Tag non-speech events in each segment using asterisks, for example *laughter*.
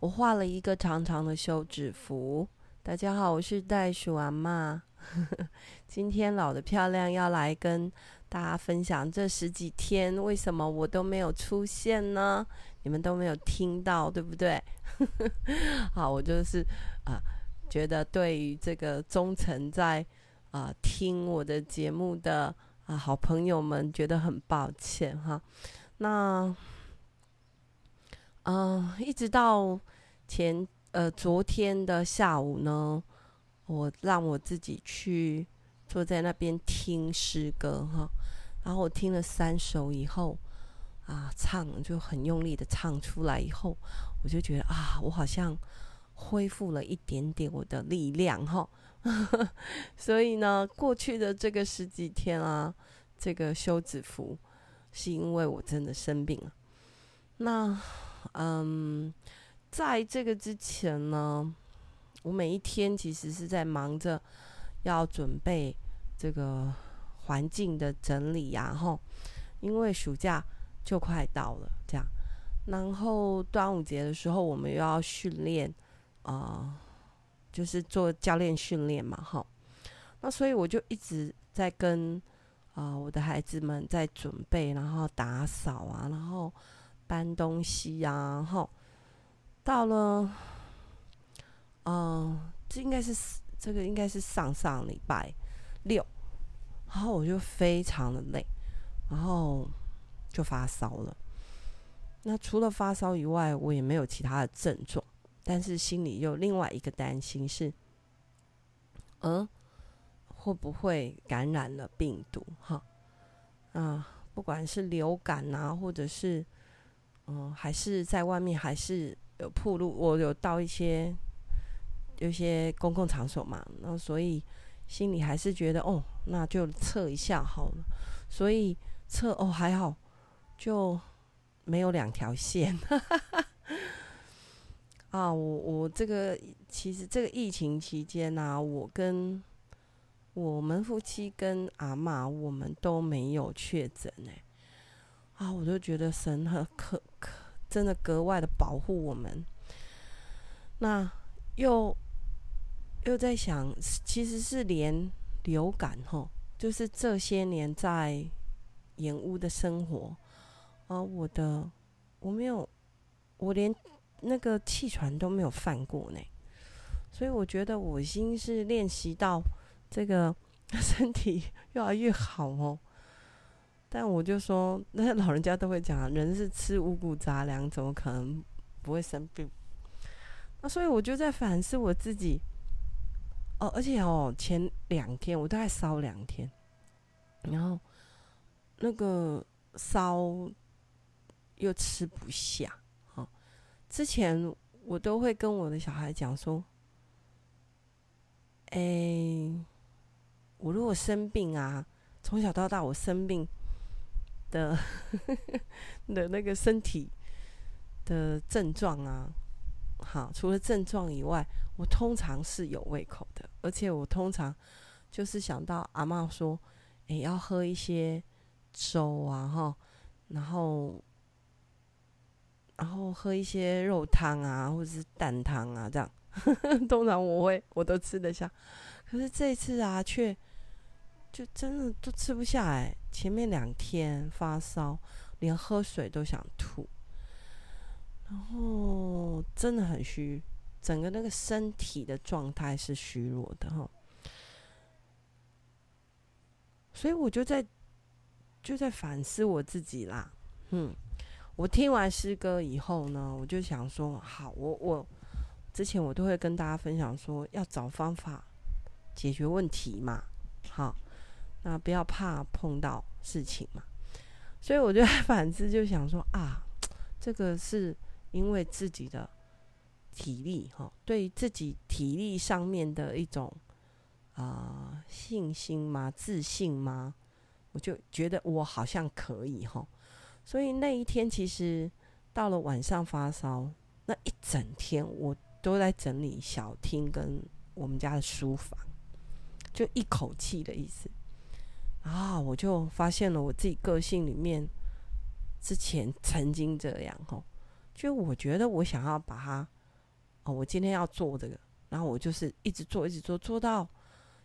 我畫了一個長長的休止符。大家好，我是袋鼠阿媽。 *laughs* 今天老得漂亮要來跟大家分享這十幾天，為什麼我都沒有出現呢？你們都沒有聽到，對不對？ *laughs* 好，我就是啊，覺得對於這個忠誠在啊聽我的節目的啊好朋友們覺得很抱歉哈。那。嗯，一直到前，呃，昨天的下午呢，我讓我自己去坐在那邊聽詩歌哈，然後我聽了三首以後，啊，唱就很用力的唱出來以後，我就覺得啊，我好像恢復了一點點我的力量哈， *laughs* 所以呢，過去的這個十幾天啊，這個休止符，是因為我真的生病了，那。嗯，在這個之前呢，我每一天其實是在忙着要準備這個環境的整理、啊，然後因為暑假就快到了，這樣，然後端午節的時候我們又要訓練啊、呃，就是做教練訓練嘛，吼，那所以我就一直在跟啊、呃、我的孩子們在準備，然後打掃啊，然後。搬東西啊，然後到了，嗯，這應該是這個應該是上上禮拜六，然後我就非常的累，然後就發燒了。那除了發燒以外，我也沒有其他的症狀，但是心裡有另外一個擔心是，嗯，會不會感染了病毒？哈，啊，不管是流感啊，或者是。嗯，還是在外面，還是有暴露。我有到一些，有些公共場所嘛，那所以心裡還是覺得，哦，那就測一下好了。所以測，哦，還好，就沒有兩條線。哈哈哈。啊，我我這個其實這個疫情期間吶、啊，我跟我們夫妻跟阿嬤，我們都沒有確診哎。啊，我就覺得神很可可，可真的格外的保護我們。那又又在想，其實是連流感吼、哦，就是這些年在延屋的生活，啊，我的我沒有，我連那個氣喘都沒有犯過呢。所以我覺得我已經是練習到這個身體越來越好哦。但我就說，那些老人家都會講、啊，人是吃五穀雜糧，怎麼可能不會生病？那所以我就在反思我自己。哦，而且哦，前兩天我都概燒兩天，然後那個燒又吃不下哦，之前我都會跟我的小孩講說：“哎，我如果生病啊，從小到大我生病。”的 *laughs* 的那個身體的症狀啊，好，除了症狀以外，我通常是有胃口的，而且我通常就是想到阿嬤說，哎、欸，要喝一些粥啊，然後然後喝一些肉湯啊，或者是蛋湯啊，這樣，呵呵通常我會我都吃得下，可是這次啊，卻。就真的都吃不下來，欸，前面兩天發燒，連喝水都想吐，然後真的很虛，整個那個身體的狀態是虛弱的哈，哦。所以我就在就在反思我自己啦。嗯，我聽完詩歌以後呢，我就想說，好，我我之前我都會跟大家分享說，要找方法解決問題嘛，好。啊，不要怕碰到事情嘛，所以我就反思，就想說啊，這個是因為自己的體力哈、哦，對自己體力上面的一種啊、呃、信心嗎？自信嗎？我就覺得我好像可以哈、哦，所以那一天其實到了晚上發燒，那一整天我都在整理小廳跟我們家的書房，就一口氣的意思。啊！我就發現了我自己個性裡面，之前曾經這樣哦，就我覺得我想要把它，哦，我今天要做這個，然後我就是一直做，一直做，做到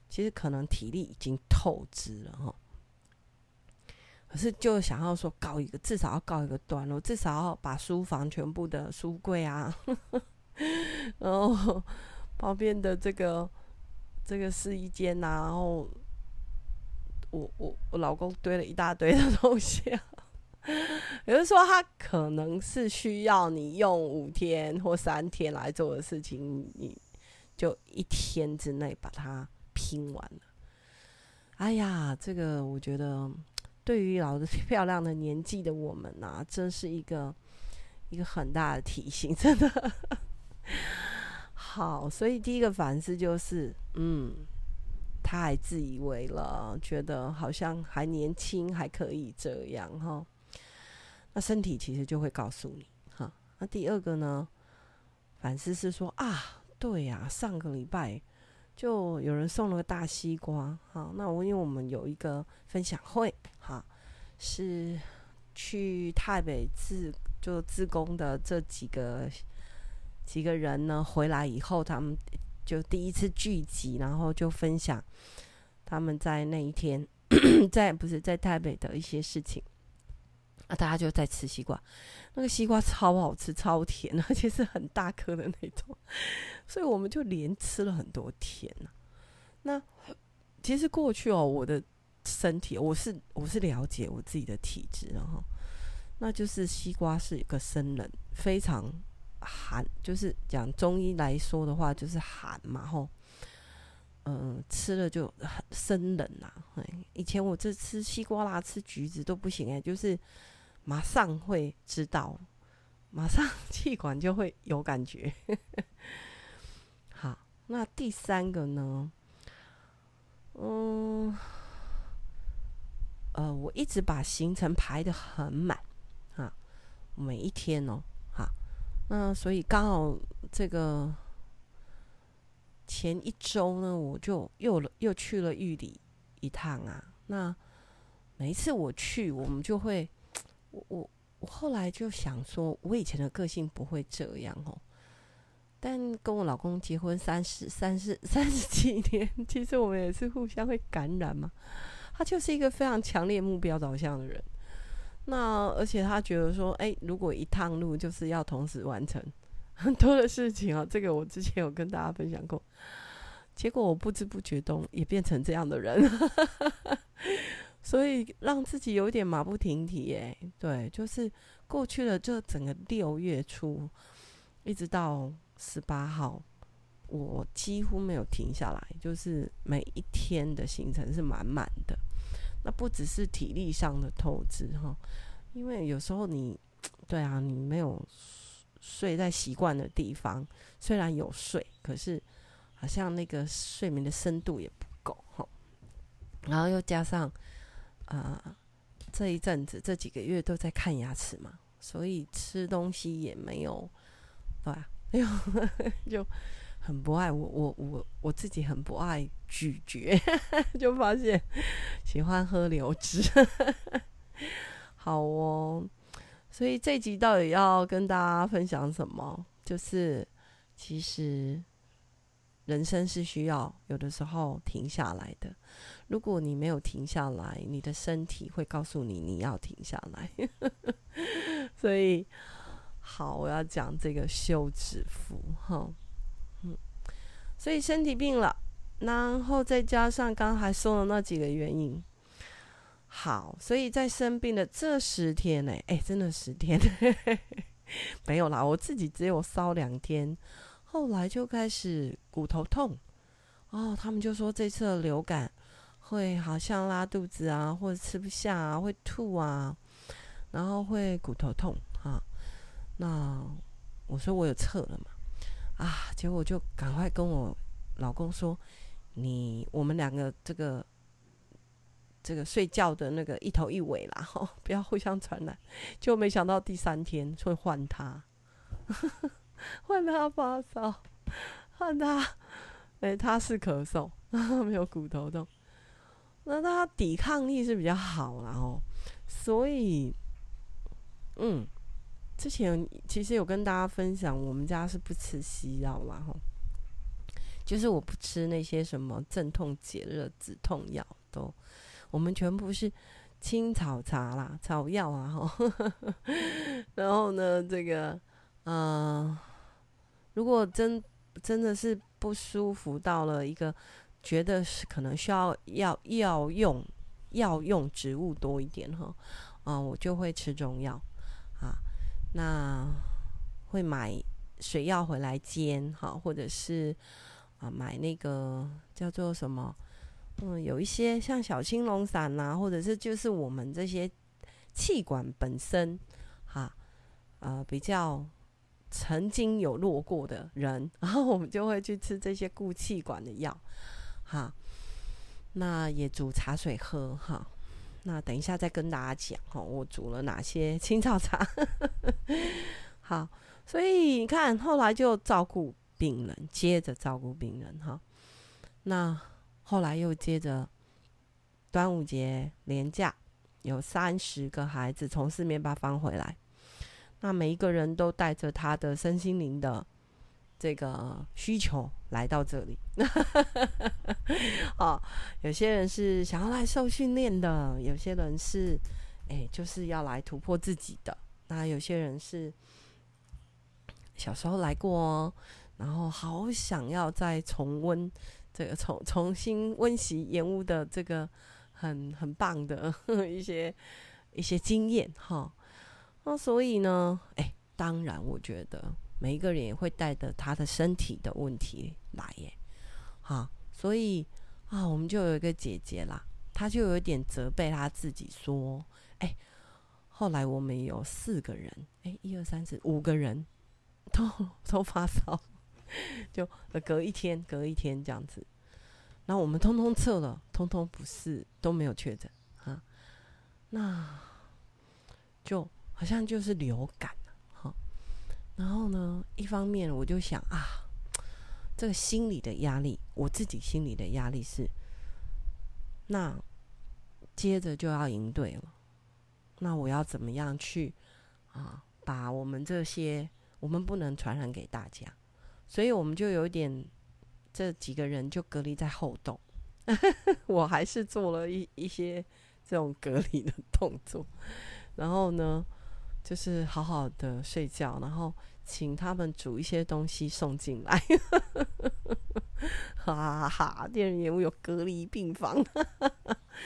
其實可能體力已經透支了哦。可是就想要說告一個，至少要告一個段落，我至少要把書房全部的書櫃啊，呵呵然後旁邊的這個這個試衣間吶、啊，然後。我我我老公堆了一大堆的東西、啊，有 *laughs* 人說他可能是需要你用五天或三天來做的事情，你就一天之內把它拼完了。哎呀，這個我覺得對於老得漂亮的年紀的我們吶、啊，真是一個一個很大的提醒，真的。 *laughs* 好，所以第一個反思就是，嗯。太自以為了，覺得好像還年輕，還可以這樣哈。那身體其實就會告訴你哈。那第二個呢，反思是說啊，對呀、啊，上個禮拜就有人送了個大西瓜。那我因為我們有一個分享會，哈，是去台北自就自工的這幾個幾個人呢，回來以後他們。就第一次聚集，然後就分享他們在那一天， *coughs* 在不是在台北的一些事情。啊大家就在吃西瓜，那個西瓜超好吃，超甜，而且是很大顆的那種，所以我們就連吃了很多天啊，那其實過去哦，我的身體我是我是了解我自己的體質，然後那就是西瓜是一個生冷，非常。寒就是講中醫來說的話，就是寒嘛，吼，嗯、呃，吃了就很生冷吶、啊。以前我這吃西瓜啦，吃橘子都不行，欸，就是馬上會知道，馬上氣管就會有感覺。 *laughs* 好，那第三個呢？嗯，呃，我一直把行程排得很滿啊，每一天哦。那所以剛好這個前一周呢，我就又了又去了玉里一趟啊。那每一次我去，我們就會，我我我後來就想說，我以前的個性不會這樣哦。但跟我老公結婚三十三十三十幾年，其實我們也是互相會感染嘛。他就是一個非常強烈目標導向的人。那而且他覺得說，哎、欸，如果一趟路就是要同時完成很多的事情啊，這個我之前有跟大家分享過。結果我不知不覺中也變成這樣的人， *laughs* 所以讓自己有點馬不停蹄耶、欸。對，就是過去了這整個六月初，一直到十八號，我幾乎沒有停下來，就是每一天的行程是滿滿的。那不只是體力上的透支哈，因為有時候你，對啊，你沒有睡在習慣的地方，雖然有睡，可是好像那個睡眠的深度也不夠哈。然後又加上，啊、呃，這一陣子這幾個月都在看牙齒嘛，所以吃東西也沒有，對吧、啊？沒有，哎喲，就。很不愛我，我我我自己很不愛咀嚼， *laughs* 就發現喜歡喝流汁， *laughs* 好哦。所以這集到底要跟大家分享什麼？就是其實人生是需要有的時候停下來的。如果你沒有停下來，你的身體會告訴你你要停下來。 *laughs* 所以好，我要講這個休止符，哈。所以身體病了，然後再加上剛才說的那幾個原因，好，所以在生病的這十天呢，欸，哎，欸，真的十天 *laughs* 沒有啦，我自己只有燒兩天，後來就開始骨頭痛。哦，他們就說這次的流感會好像拉肚子啊，或者吃不下啊，會吐啊，然後會骨頭痛啊。那我說我有測了嘛！啊！結果就趕快跟我老公說：“你我們兩個這個這個睡覺的那個一頭一尾啦，哈、哦，不要互相傳染。”就沒想到第三天會換他，呵呵，換他發燒，換他，哎，他是咳嗽，呵呵，沒有骨頭痛，那他抵抗力是比較好然哦，所以，嗯。之前其實有跟大家分享，我們家是不吃西藥啦，就是我不吃那些什麼鎮痛、解熱、止痛藥，都我們全部是青草茶啦、草藥啊，吼。 *laughs* 然後呢，這個，嗯、呃，如果真真的是不舒服到了一個覺得是可能需要要藥用藥用植物多一點，哈，啊、呃，我就會吃中藥啊。那會買水藥回來煎，哈，或者是啊買那個叫做什麼，嗯，有一些像小青龍散啊，或者是就是我們這些氣管本身哈啊、呃、比較曾經有落過的人，然後我們就會去吃這些固氣管的藥哈、啊。那也煮茶水喝哈。啊那等一下再跟大家講哦，我煮了哪些青草茶。 *laughs* 好，所以你看，後來就照顧病人，接着照顧病人哈、哦。那後來又接着端午節連假，有三十個孩子從四面八方回來，那每一個人都帶着他的身心靈的。這個需求來到這裡，啊、 *laughs* 哦，有些人是想要來受訓練的，有些人是誒，就是要來突破自己的，那有些人是小時候來過哦，然後好想要再重溫這個重重新溫習延誤的這個很很棒的呵呵一些一些經驗哈、哦，那所以呢，哎，當然我覺得。每一個人也會帶着他的身體的問題來耶，好、啊，所以啊，我們就有一個姐姐啦，她就有點責備她自己說，哎、欸，後來我們有四個人，哎、欸，一二三四五個人都都發燒， *laughs* 就隔一天隔一天這樣子，那我們通通測了，通通不是都沒有確診啊，那就好像就是流感。然後呢，一方面，我就想啊，這個心理的壓力。我自己心裡的壓力是那接着就要應對了。那我要怎麼樣去啊？把我們這些我們不能傳染給大家，所以我們就有點這幾個人就隔離在後洞。 *laughs* 我還是做了一一些這種隔離的動作。然後呢，就是好好的睡覺，然後請他們煮一些東西送進來。哈哈哈哈哈！哈哈，電視節目有隔離病房。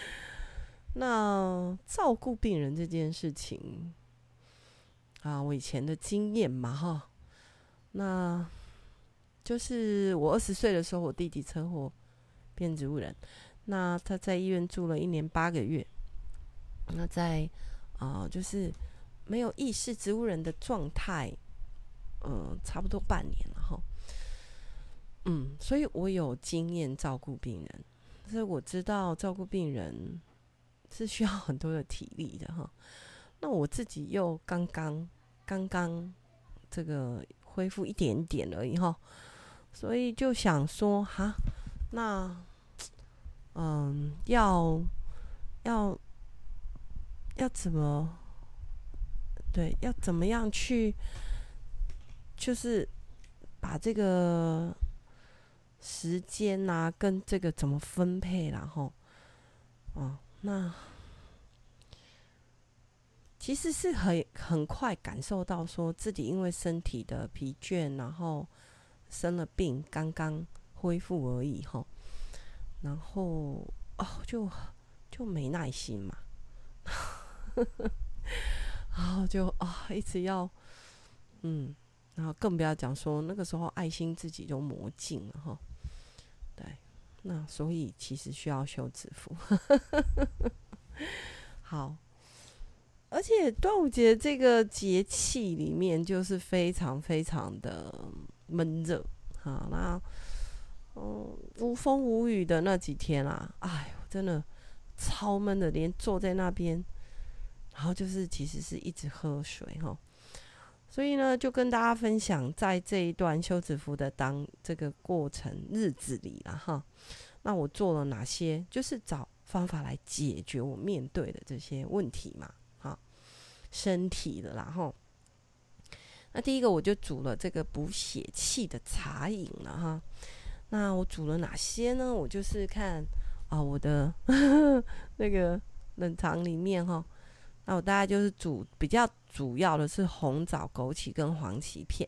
*laughs* 那照顧病人這件事情啊，我以前的經驗嘛，哈，那就是我二十歲的時候，我弟弟車禍變植物人，那他在醫院住了一年八個月，那在啊，就是。沒有意識植物人的狀態，嗯、呃，差不多半年了哈。嗯，所以我有經驗照顧病人，所以我知道照顧病人是需要很多的體力的哈。那我自己又剛剛剛剛這個恢復一點點而已哈，所以就想說哈，那嗯、呃，要要要怎麼？對，要怎麼樣去，就是把這個時間吶、啊，跟這個怎麼分配，然後，哦，那其實是很很快感受到，說自己因為身體的疲倦，然後生了病，剛剛恢復而已，吼、哦，然後哦，就就沒耐心嘛。 *laughs* 然後就啊，一直要，嗯，然後更不要講說那個時候愛心自己就磨盡了哈，對，那所以其實需要休止符。好，而且端午節這個節氣裡面就是非常非常的悶熱，好，那嗯無風無雨的那幾天啊，哎，我真的超悶的，連坐在那邊。然後就是其實是一直喝水哈，所以呢就跟大家分享，在這一段休止符的當這個過程日子裡了哈，那我做了哪些？就是找方法來解決我面對的這些問題嘛哈，身體的然後，那第一個我就煮了這個補血氣的茶飲了哈，那我煮了哪些呢？我就是看啊我的呵呵那個冷藏裡面哈。那我大概就是主，比較主要的是紅棗、枸杞跟黃芪片，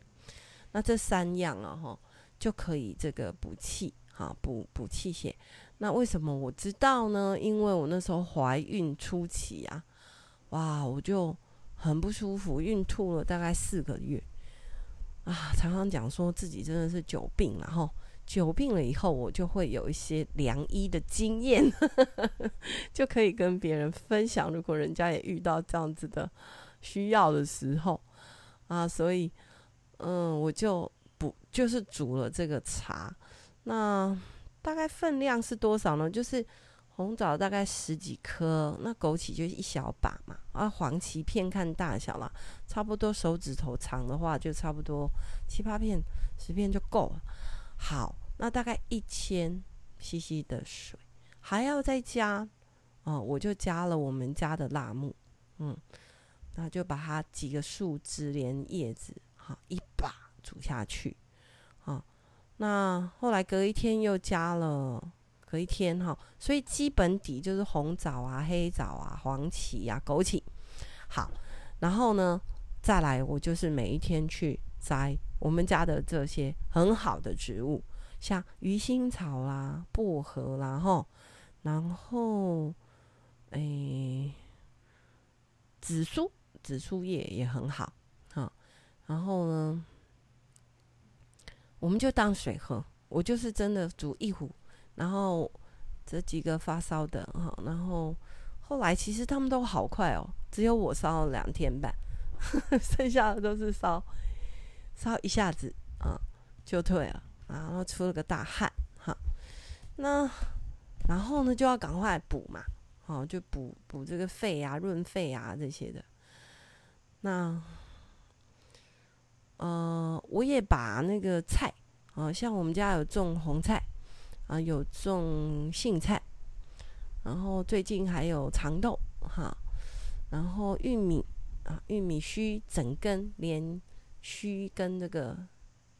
那這三樣啊哈、哦、就可以這個補氣哈補補氣血。那為什麼我知道呢？因為我那時候懷孕初期啊，哇我就很不舒服，孕吐，了大概四個月，啊常常講說自己真的是久病然、啊、後。哦久病了以後，我就會有一些良醫的經驗， *laughs* 就可以跟別人分享。如果人家也遇到這樣子的需要的時候啊，所以，嗯，我就煮，就是煮了這個茶。那大概分量是多少呢？就是紅棗大概十幾顆，那枸杞就一小把嘛。啊，黃芪片看大小啦，差不多手指頭長的話，就差不多七八片、十片就夠了。好，那大概一千 cc 的水，還要再加，哦，我就加了我們家的辣木，嗯，那就把它幾個樹枝連葉子，哈，一把煮下去，啊、哦，那後來隔一天又加了，隔一天哈、哦，所以基本底就是紅棗啊、黑棗啊、黃芪呀、啊、枸杞，好，然後呢，再來我就是每一天去。摘我們家的這些很好的植物，像魚腥草啦、薄荷啦，吼，然後誒，紫蘇，紫蘇葉也很好，哈。然後呢，我們就當水喝。我就是真的煮一壺，然後這幾個發燒的，哈，然後後來其實他們都好快哦，只有我燒了兩天半，呵呵，剩下的都是燒。燒一下子，啊就退了，啊，然後出了個大汗，哈、啊，那然後呢就要趕快補嘛，哦、啊，就補補這個肺啊，潤肺啊這些的，那呃我也把那個菜，啊像我們家有種紅菜，啊有種杏菜，然後最近還有長豆，哈、啊，然後玉米啊玉米鬚整根連。鬚跟這個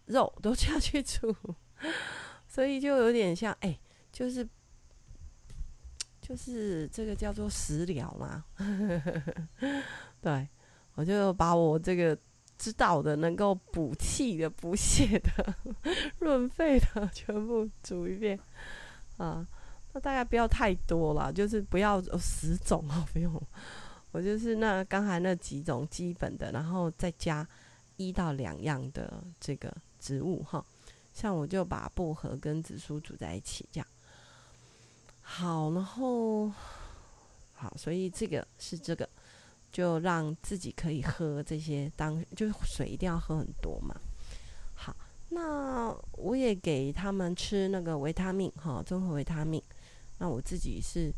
肉都下去煮，所以就有點像，哎、欸，就是就是這個叫做食療嘛。 *laughs* 對，我就把我這個知道的能夠補氣的、補血的、潤肺的，全部煮一遍。啊，那大家不要太多了，就是不要、哦、十種哦，不用。我就是那剛才那幾種基本的，然後再加。一到兩樣的這個植物哈，像我就把薄荷跟紫蘇煮在一起這樣。好，然後好，所以這個是這個，就讓自己可以喝這些當，當就是水一定要喝很多嘛。好，那我也給他們吃那個維他命哈，綜合維他命。那我自己是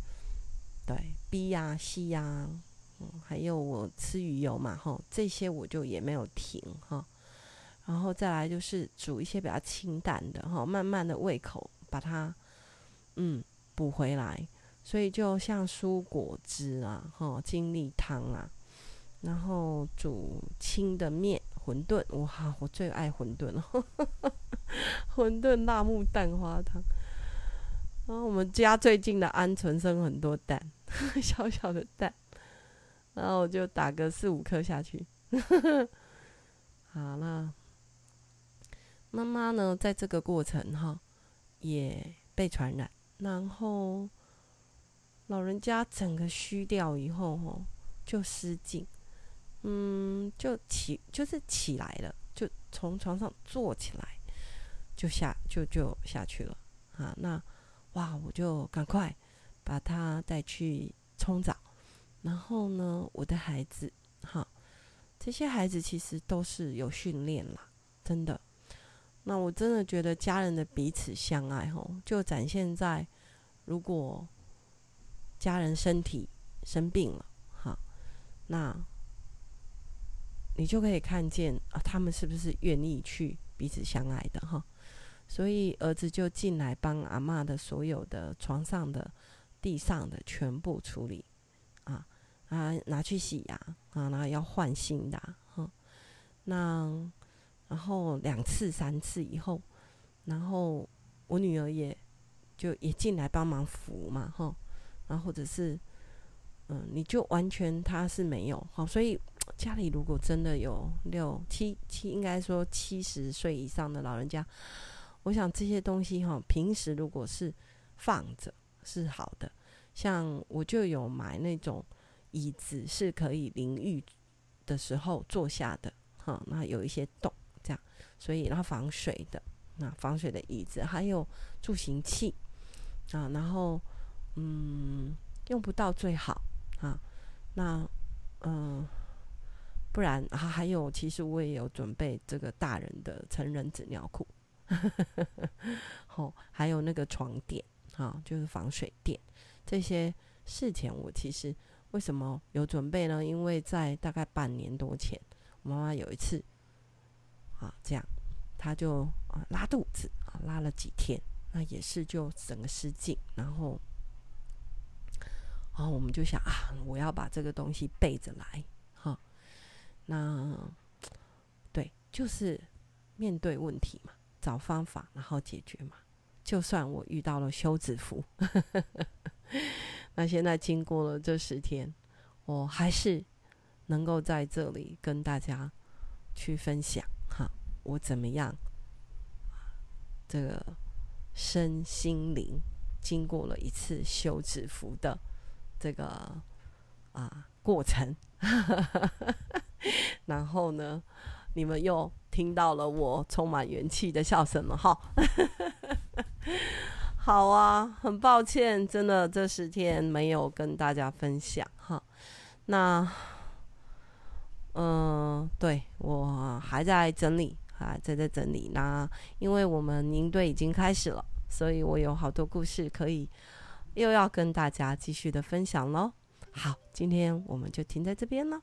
對 B 呀、啊、C 呀、啊。還有我吃魚油嘛，哈，這些我就也沒有停哈。然後再來就是煮一些比較清淡的哈，慢慢的胃口把它嗯補回來。所以就像蔬果汁啊，哈，精力湯啊，然後煮清的麵餛飩，哇，我最愛餛飩了，呵呵餛飩辣木蛋花湯。然後我們家最近的鵪鶉生很多蛋，小小的蛋。然後我就打個四五顆下去， *laughs* 好了。媽媽呢，在這個過程哈、哦，也被傳染。然後老人家整個虛掉以後、哦，哈，就失禁，嗯，就起，就是起來了，就從床上坐起來，就下，就就下去了啊。那哇，我就趕快把他帶去沖澡。然後呢，我的孩子，哈，這些孩子其實都是有訓練啦，真的。那我真的覺得家人的彼此相愛，哦，就展現在如果家人身體生病了，哈，那你就可以看見啊，他們是不是願意去彼此相愛的，哈。所以兒子就進來幫阿嬤的所有的床上的、地上的全部處理。啊、拿去洗牙啊，啊然後要換新的，啊、那然後兩次、三次以後，然後我女兒也就也進來幫忙扶嘛，然後、啊、或者是嗯，你就完全他是沒有、啊、所以家裡如果真的有六七七，應該說七十歲以上的老人家，我想這些東西哈、啊，平時如果是放着是好的。像我就有買那種。椅子是可以淋浴的時候坐下的，哈，那有一些洞這樣，所以它防水的。那防水的椅子，還有助行器啊，然後嗯，用不到最好啊。那嗯，不然啊，還有其實我也有準備這個大人的成人紙尿褲，好呵呵呵、哦，還有那個床墊啊，就是防水墊，這些事前我其實。為什麼有準備呢？因為在大概半年多前，我媽媽有一次啊，這樣，她就啊拉肚子、啊，拉了幾天，那也是就整個失禁，然後，然後我們就想啊，我要把這個東西備着來，哈、啊，那對，就是面對問題嘛，找方法，然後解決嘛。就算我遇到了休止符， *laughs* 那現在經過了這十天，我還是能夠在這裡跟大家去分享哈，我怎麼樣？這個身心靈經過了一次休止符的這個啊過程， *laughs* 然後呢，你們又聽到了我充滿元氣的笑聲了哈。 *laughs* 好啊，很抱歉，真的這十天沒有跟大家分享哈。那，嗯、呃，對，我還在整理啊，還在在整理。那因為我們營隊已經開始了，所以我有好多故事可以又要跟大家繼續的分享嘍。好，今天我們就停在這邊了。